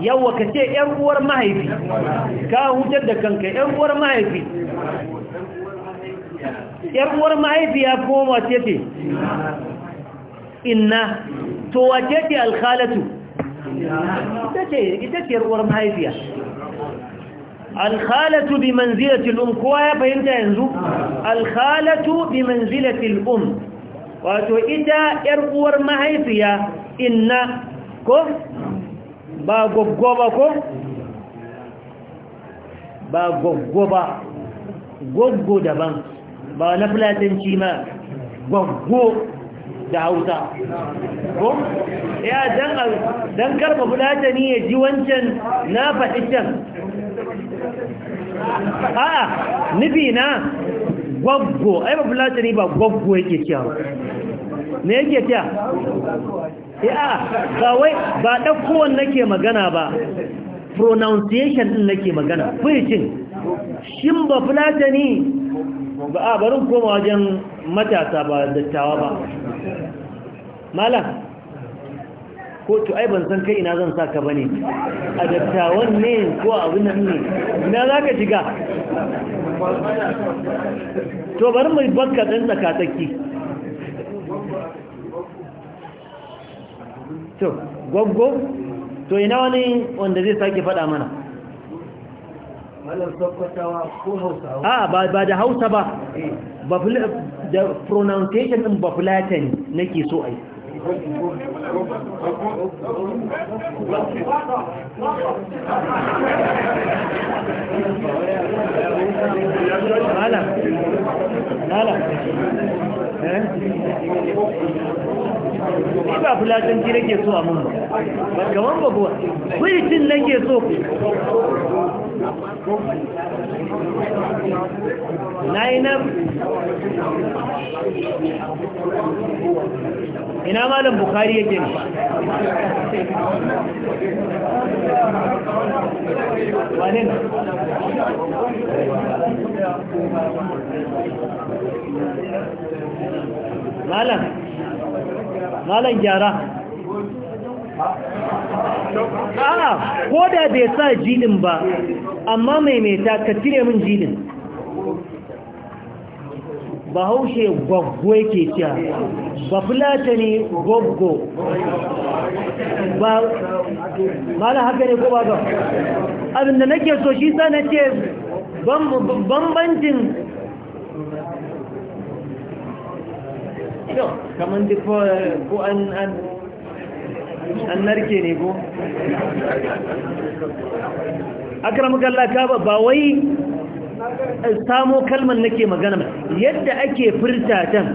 yawa ka ce ‘yan uwar mahaifi ka hujjar da kanka ‘yan uwar mahaifi ‘yan uwar mahaifi ya koma wace ce inna to wace ce alkhalatu ita ce ‘yan uwar mahaifiya alkhalatu bi manzilati al-um kowa ya fahimta yanzu alkhalatu bi manzilati al-um wato ita yar uwar mahaifiya inna ko ba goggoba ko ba goggoba goggo daban ba na fulatanci ma goggo da hausa ko ya dan dan karba fulatani ya ji wancan na fahimtar. a a'a nufi na gwaggo ai ba fulatani ba gwaggo yake cewa me yake cewa ya ba wai ba ɗaukowar nake magana ba pronunciation ɗin nake magana fulcin shin ba fulatani ba a barin koma wajen matasa ba dattawa ba malam ko to ai ban san kai ina zan saka bane a dattawan ne ko abin nan ne ina za ka shiga to bari mu bakka dan tsakatsaki to gogo to ina wani wanda zai sake faɗa mana a ba da hausa ba eh. da pronunciation din ba fulatin nake so ai malam eh ni ba fulatanci nake so a mun ba gaban ba kuwa kulitin nake so na yi na ina malam bukari yake ne wane malam malam gyara a'a ko da bai sa jinin ba amma maimaita ka cire min jinin bahaushe gwaggo yake cewa ba fulata ne gwaggo ba mala haka ne ko ba abinda nake so shi sa na ce bambancin kaman ko an an narke ne ko galla ka ba wai samo kalman nake magana yadda ake furta tan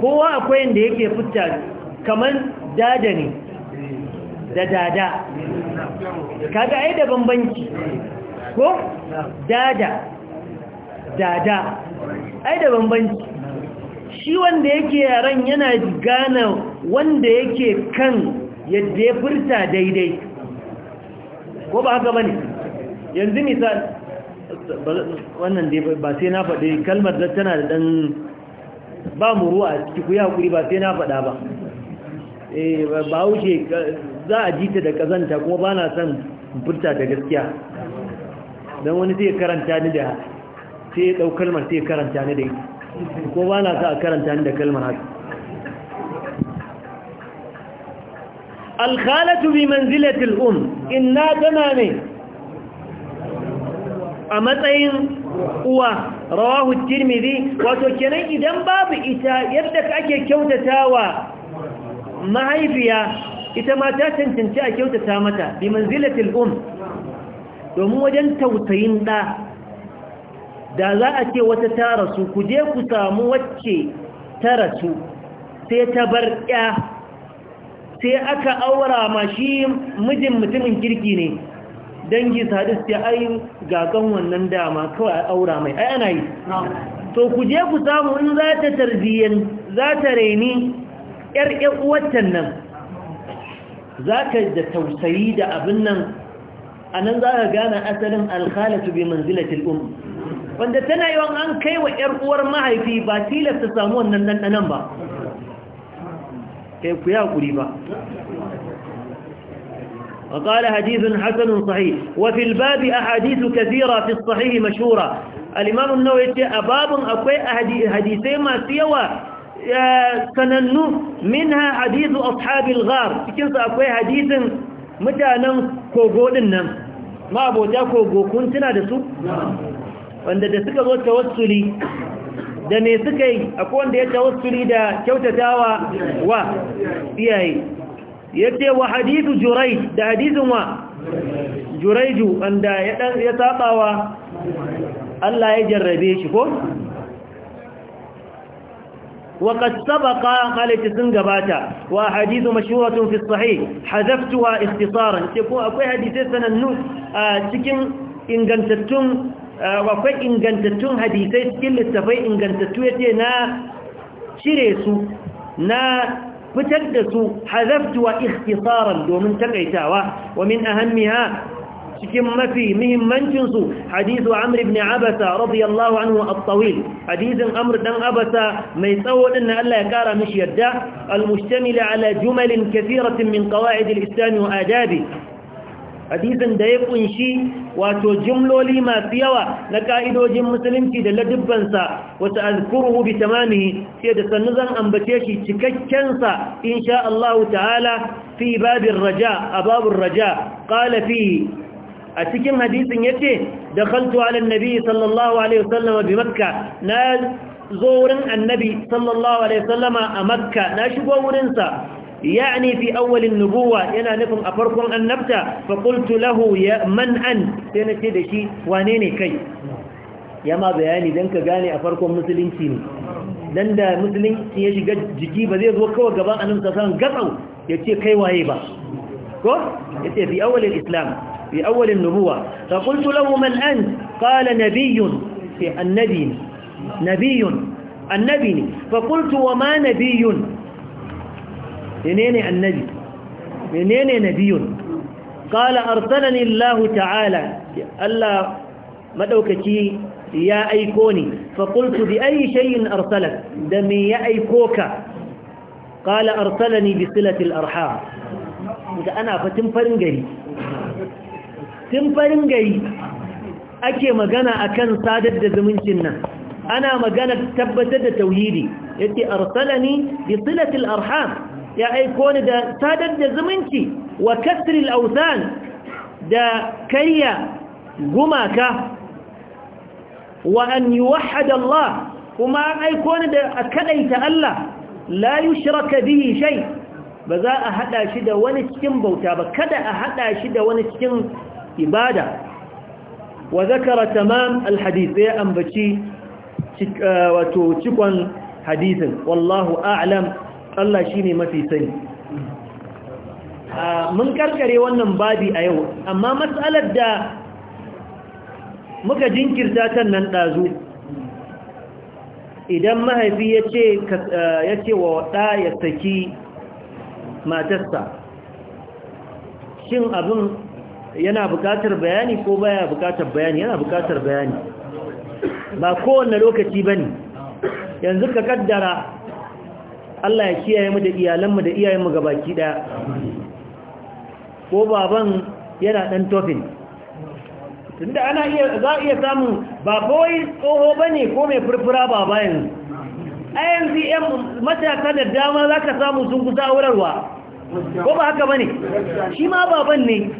kowa akwai yadda yake furta kamar dada ne da dada kaga ai da bambanci ko dada dada ai da bambanci shi wanda yake yaren yana gane wanda yake kan yadda ya furta daidai ko ba haka bane yanzu misal wannan dai ba sai na faɗi kalmar da tana da ɗan ba mu ruwa a ciki ku yi ba sai na faɗa ba eh, ba wuce za a ji ta da ƙazanta kuma ba na son furta da gaskiya don wani sai karanta ni da sai ɗau kalmar sai karanta ni da ita ko ba na sa a karanta ni da kalmar haka alkhalatu bi manzilatil um inna tana ne a matsayin uwa rawahu tirmidhi wato kenan idan babu ita yadda ake kyautatawa mahaifiya ita ma ta cancanci a kyautata mata bi manzilatil um domin wajen tausayin da da za a ce wata ta rasu ku je ku samu wacce ta rasu sai ta bar ya sai aka aura ma shi mijin mutumin kirki ne dangi sadis ta ayi gagan wannan dama kawai aura mai ai ana yi to ku je ku samu in za ta tarbiyyar za ta reni yar uwatan nan za ka da tausayi da abin nan a nan za ka gane asalin alkhalatu bi manzilatil um wanda tana yawan an kai wa uwar mahaifi ba tilar ta samu wannan ɗanɗanan ba, kai ku ya ƙuri ba. a ƙada hadithun hasanun sahi wafi albabi a hadithu kazira fi sahihi mashura alimamun nawai ce a akwai hadisai masu yawa sanannu min ha hadithu ashabin cikinsu akwai hadisin mutanen kogo ɗin nan ma abota kogo kun tuna da su? wanda da suka zo tawassuli da ne suka yi akwai wanda ya tawassuli da kyautatawa wa iyaye yace wa hadithu jurai da hadithun wa juraiju wanda ya sabawa Allah ya jarrabe shi ko وقد سبق قالت سن غباتا وحديث مشهورة في الصحيح حذفتها اختصارا تكون اكو حديث سنن cikin ingantattun Eh, akwai ingantattun hadisai cikin littafai ingantattu ya ce na cire su na fitar da su hazaftuwa ikhtisaran domin takaitawa wa min ahammiha cikin mafi muhimmancinsu hadisu amr ibn abasa radiyallahu anhu at-tawil hadisin amr dan abasa mai tsawo din na Allah ya kara mishi yadda al-mushtamil ala jumal kathiratin min qawaid al-islam wa adabi hadisin da ya kunshi wato jumloli masu yawa na ka'idojin musulunci da ladibbansa wata alkurhu bi tamamihi sai da sannu zan ambace shi sa insha Allah ta'ala fi babin raja a babin raja qala fi a cikin hadisin yace dakhaltu ala annabi sallallahu alaihi wasallam bi makka na zo wurin annabi sallallahu alaihi wasallama a makka na shigo wurinsa يعني في أول النبوة ينا نفهم أفركم أن نبتع فقلت له يا من أن kai شيء وانيني كي يما بياني دنك قاني أفركم مسلم سيني dan da musulunci ya shiga jiki ba zai zo kawai gaban annabi sallallahu alaihi ya ce kai waye ba ko yace fi awwal islam fi nubuwa fa lahu man ant qala fi annabi Nabiyun!" annabi fa wa ma nabiyyun menene annabi menene nabiyun qala arsalani Allah ta'ala Allah madaukaki ya aiko ni fa qultu bi ayi shay'in arsalak da me ya aiko ka qala arsalani bi silati al-arham ana farin gari tun farin gari ake magana akan sadar da zumuncin nan ana magana tabbatar da tauhidi yace arsalani bi silati al ya aiko ni da sadar da zumunci wa kasril awthan da kariya gumaka wa an yuwahhada Allah kuma aiko ni da akadaita Allah la yushraka bihi shay ba za a hada shi da wani cikin bauta ba kada a hada shi da wani cikin ibada wa zakara tamam alhadith ya ambaci eh, wato cikon hadisin wallahu a'lam Allah shi ne mafi sani ah, mun karkare wannan babi a yau amma matsalar da muka jinkirta kan nan ɗazu idan mahaifi ah, ya ce wa ɗa ya saki matarsa shin abin yana buƙatar bayani ko baya buƙatar bayani yana buƙatar bayani ba kowane lokaci ba ne yanzu ka kaddara Allah ya kiyaye mu da iyalanmu da iyayenmu gabaki daya ko baban yana dan tofin tunda ana iya za iya samu ba boy tsoho bane ko mai furfura baba yanzu a yanzu yan matasa da dama za ka samu sun kusa aurarwa ko ba haka bane shi ma baban ne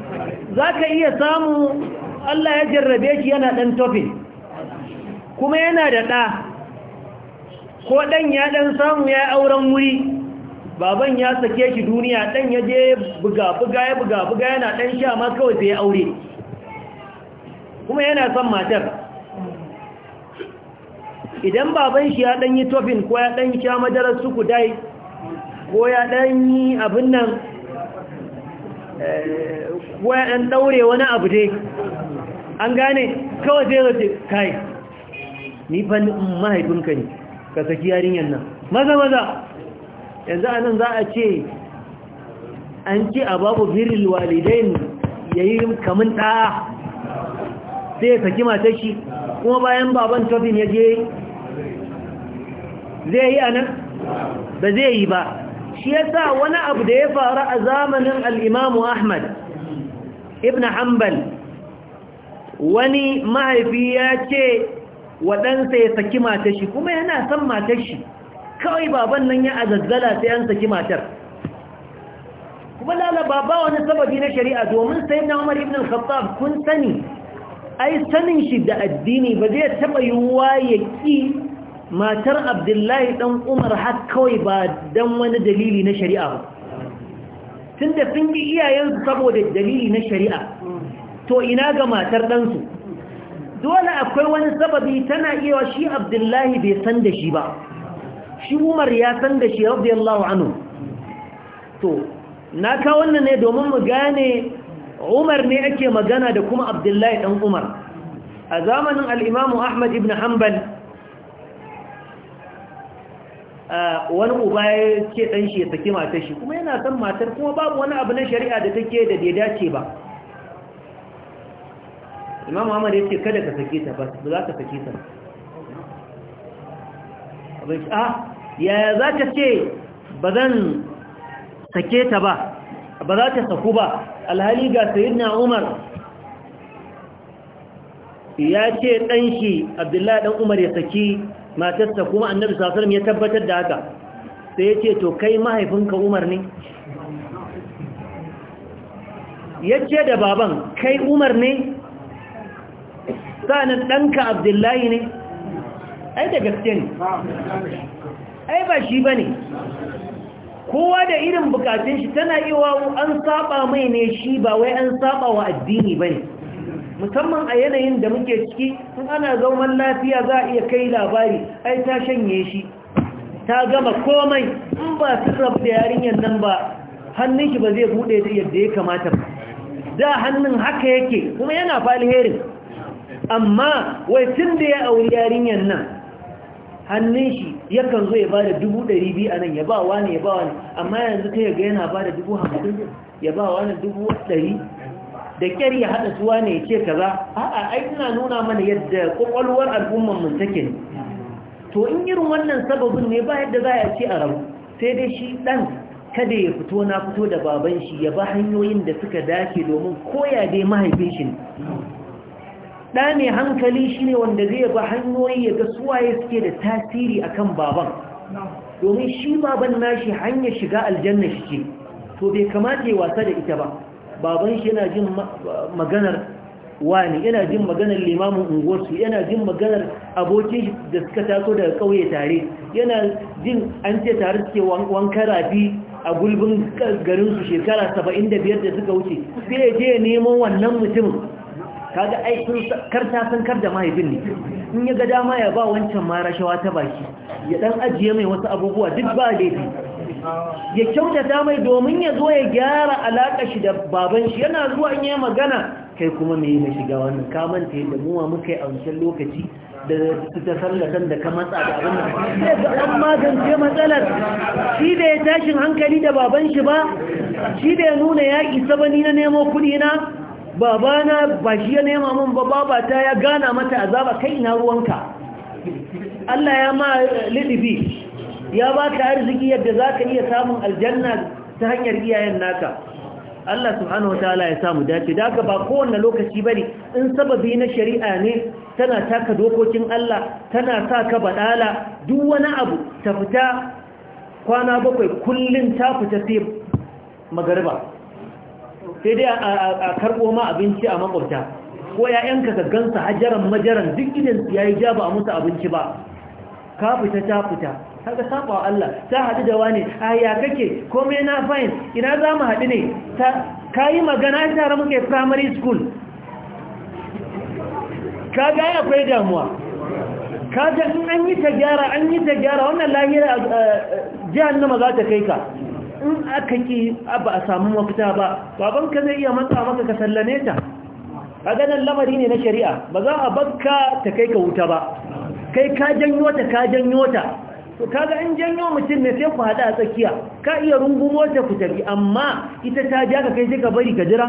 za ka iya samu Allah ya jarrabe shi yana dan tofin kuma yana da ɗa ko ɗan ya ɗan samu ya auren wuri baban ya sake shi duniya ɗan ya je buga-buga ya buga-buga yana ɗan sha ma kawai sai ya aure kuma yana son matar idan baban shi ya ɗan yi tofin ko ya ɗan sha madarar ku dai ko ya ɗan yi abin nan eh, ko ya ɗan ɗaure wani abu dai an gane kawai sai ya ce kai ni fa mahaifinka ne ka saki yarinyar nan maza maza yanzu a nan za a ce an ce a babu biril walidain ya yi kamun ɗaya sai ya saki kuma bayan baban tofin ya je zai yi a nan ba zai yi ba shi yasa wani abu da ya faru a zamanin al'imamu ahmad ibn hanbal wani mahaifi ya ce waɗansa ya saki matar shi kuma yana son matar shi kawai baban nan ya azazzala sai an saki matar kuma lalaba ba wani sababi na shari'a domin sai na umar ibn al-khattab kun sani ai sanin shi da addini ba zai taɓa yiwuwa ya ƙi matar abdullahi ɗan umar har kawai ba don wani dalili na shari'a ba tun da sun ƙi iyayensu saboda dalili na shari'a to ina ga matar ɗansu dole akwai wani sababi tana iya shi abdullahi bai san da shi ba shi umar ya san da shi radiyallahu anhu to na ka wannan ne domin mu gane umar ne ake magana da kuma abdullahi dan umar a zamanin al'imamu ahmad ibn hanbal wani uba ya ce ɗan shi ya saki matashi, kuma yana san matar kuma babu wani abu na shari'a da take da ya dace ba imam muhammad ya ce kada ka sake ta ba za ka sake ta abin a ah, yaya za ka ce ba zan sake ta ba ba za ta saku ba alhali ga sayidina umar ya ce ɗanshi abdullahi ɗan umar ya saki matarsa kuma annabi sasalam ya tabbatar da haka sai ya ce to kai mahaifinka umar ne ya ce da baban kai umar ne sa'anin ɗanka abdullahi ne ai da gaske ne ai ba shi ba ne kowa da irin bukatun shi tana wa an saba mai ne shi ba wai an saba wa addini ba ne musamman a yanayin da muke ciki in ana zauman lafiya za a iya kai labari ai ta shanye shi ta gama komai in ba sun da yarinyar nan ba hannun shi ba zai buɗe yadda ya kamata ba da hannun haka yake kuma yana falherin amma wai tun da ya auri yarinyar nan hannun shi yakan zo ya ba da dubu ɗari biyu a nan ya ba wani ya ba wani amma yanzu ta yaga yana ba da dubu hamsin ya ba wani dubu ɗari da ƙyar ya haɗa suwa ne ya ce kaza a'a ai suna nuna mana yadda ƙwaƙwalwar al'ummar mu take ne to in irin wannan sababin ne ba yadda za a ce a rabu sai dai shi ɗan kada ya fito na fito da baban shi ya ba hanyoyin da suka dace domin koya dai mahaifin shi ɗa mai hankali shi ne wanda zai ba hanyoyi ya ga suwaye suke da tasiri a kan baban domin shi baban nashi hanyar shiga aljanna shi ce to bai kamata ya wasa da ita ba baban shi yana jin maganar wani yana jin maganar limamin unguwarsu yana jin maganar abokin da suka taso daga ƙauye tare yana jin an ce tare suke wanka rafi a gulbin garinsu shekara saba'in da da suka wuce sai ya je neman wannan mutumin. kaga ai kun karta san kar da mahaifin ne in ya ga dama ya ba wancan ma rashawa ta baki ya dan ajiye mai wasu abubuwa duk ba laifi ya kyautata mai domin ya zo ya gyara alaƙa shi da baban shi yana zuwa in yi magana kai kuma mai mai shiga wannan Ka manta yadda damuwa muka yi a wancan lokaci da ta sallatan da ka matsa da abin da ga an magance matsalar shi da ya tashin hankali da baban shi ba shi da ya nuna ya isa ba ni na nemo kuɗi na babana ba shi ya nema min ba babata ya gana mata azaba kai ina ruwanka Allah ya ma lidibi ya baka arziki yadda za ka iya samun aljanna ta hanyar iyayen naka Allah subhanahu Ta'ala ya samu dace da ba kowanne lokaci bane in sababi na shari'a ne tana taka dokokin Allah tana sa ka badala duk wani abu ta fita kwana bakwai kullun ta fita sai magariba sai dai a karɓo ma abinci a makwabta ko ‘ya'yanka ka gansa hajaran majaran duk idan ya yi ja ba a musu abinci ba ka fita ta fita kaga saba wa Allah ta haɗu da wani a ya kake komai na fain ina za mu haɗu ne ka yi magana tare muke primary school ka ga akwai damuwa ka ga in an yi ta gyara an yi ta gyara wannan lahira eh, eh, jihannama za ta kai ka in aka ki ba a samu mafita ba babanka zai iya matsa maka ka sallame ta a ganin lamari ne na shari'a ba za a baka ta kai ka wuta ba kai ka janyo ta ka janyo ta to kaga in janyo mutum ne sai ku hada a tsakiya ka iya rungumo ta ku tafi amma ita ta ja ka kai sai ka bari ka jira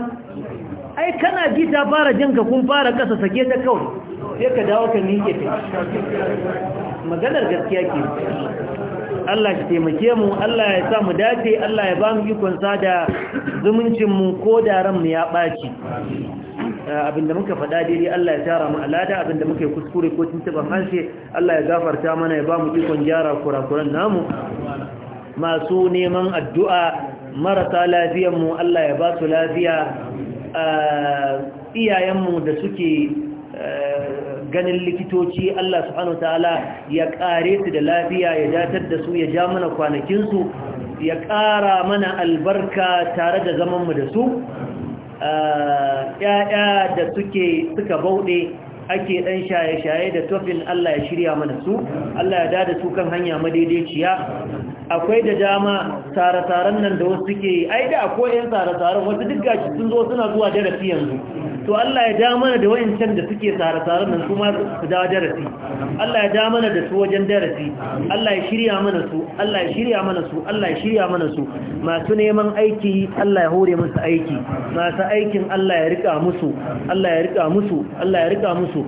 ai kana ji ta fara jin ka kun fara kasa sake ta kawai sai ka dawo ka miƙe ta maganar gaskiya ke Allah shi taimake mu Allah ya sa mu dace Allah ya ba mu ikon sada zumuncin mu ko da ran mu ya baci eh, abinda muka faɗa daidai Allah ya tara mu alada abinda muka yi kuskure ko tuntuban harshe Allah ya gafarta mana ya ba mu ikon gyara kurakuran namu masu neman addu'a marasa mu Allah ya ba su lafiya eh, mu da suke ganin likitoci Allah subhanahu ta'ala ya kare su da lafiya ya datar da su ya ja mana kwanakinsu ya ƙara mana albarka tare da zaman mu da su ‘ya'ya da suke suka bauɗe ake ɗan shaye-shaye da tofin Allah ya shirya mana su Allah ya dada su kan hanya madaidaiciya akwai da dama tsare-tsaren nan da wasu suke ai da akwai 'yan tsare-tsaren wasu duk sun zo suna zuwa darasi yanzu to Allah ya ja mana da wayancan da suke tsare-tsaren nan kuma su dawo darasi Allah ya ja mana da su wajen darasi Allah ya shirya mana su Allah ya shirya mana su Allah ya shirya mana su masu neman aiki Allah ya hore musu aiki masu aikin Allah ya rika musu Allah ya rika musu Allah ya rika musu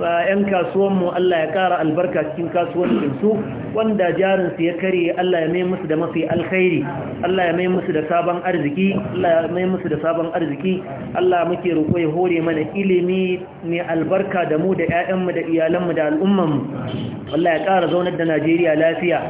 'yan kasuwanmu Allah ya ƙara albarka cikin kasuwancinsu wanda jarinsu ya kare Allah ya mai musu da mafi alkhairi Allah ya mai musu da sabon arziki Allah ya mai musu da sabon arziki Allah muke roƙo ya hore mana ilimi mai albarka da mu da 'ya'yanmu da iyalanmu da al'ummanmu Allah ya ƙara zaunar da Najeriya lafiya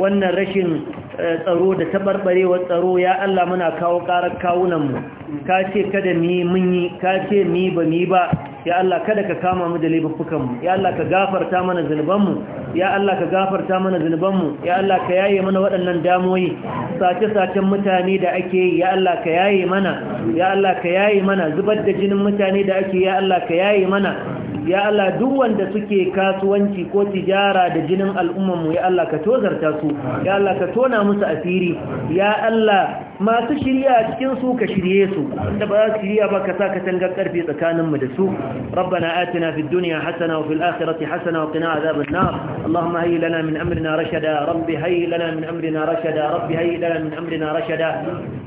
wannan rashin Eh, tsaro da tabarbarewa tsaro ya Allah muna kawo karar kawunanmu ka ce kada mi mun yi ka ce mi ba mi ba ya Allah kada ka kama mu da laifukanmu ya Allah ka gafarta mana zunubanmu ya Allah ka gafarta mana zunubanmu ya Allah ka yaye mana waɗannan damoyi sace-sacen mutane da ake ya Allah ka yaye mana ya Allah ka yaye mana zubar da jinin mutane da ake ya Allah ka yaye mana ya Allah duk wanda suke kasuwanci ko tijara da jinin al'ummanmu ya Allah ka tozarta su ya Allah ka tona musu asiri ya Allah masu shirya a cikin su ka shirye su da ba za su shirya ba ka sa ka tanga karfe tsakaninmu da su rabbana atina fid dunya hasana wa fil akhirati hasana wa qina adhaban nar allahumma hayy lana min amrina rashada rabbi hayy lana min amrina rashada rabbi hayy lana min amrina rashada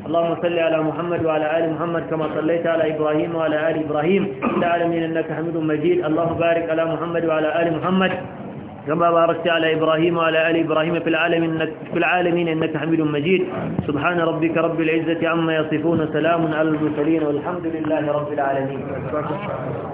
اللهم صل على محمد وعلى ال محمد كما صليت على ابراهيم وعلى ال ابراهيم في العالمين انك حميد مجيد اللهم بارك على محمد وعلى آل محمد كما باركت على إبراهيم وعلى آل إبراهيم في العالمين إنك, في العالمين إنك حميد مجيد سبحان ربك رب العزة عما يصفون سلام على المرسلين والحمد لله رب العالمين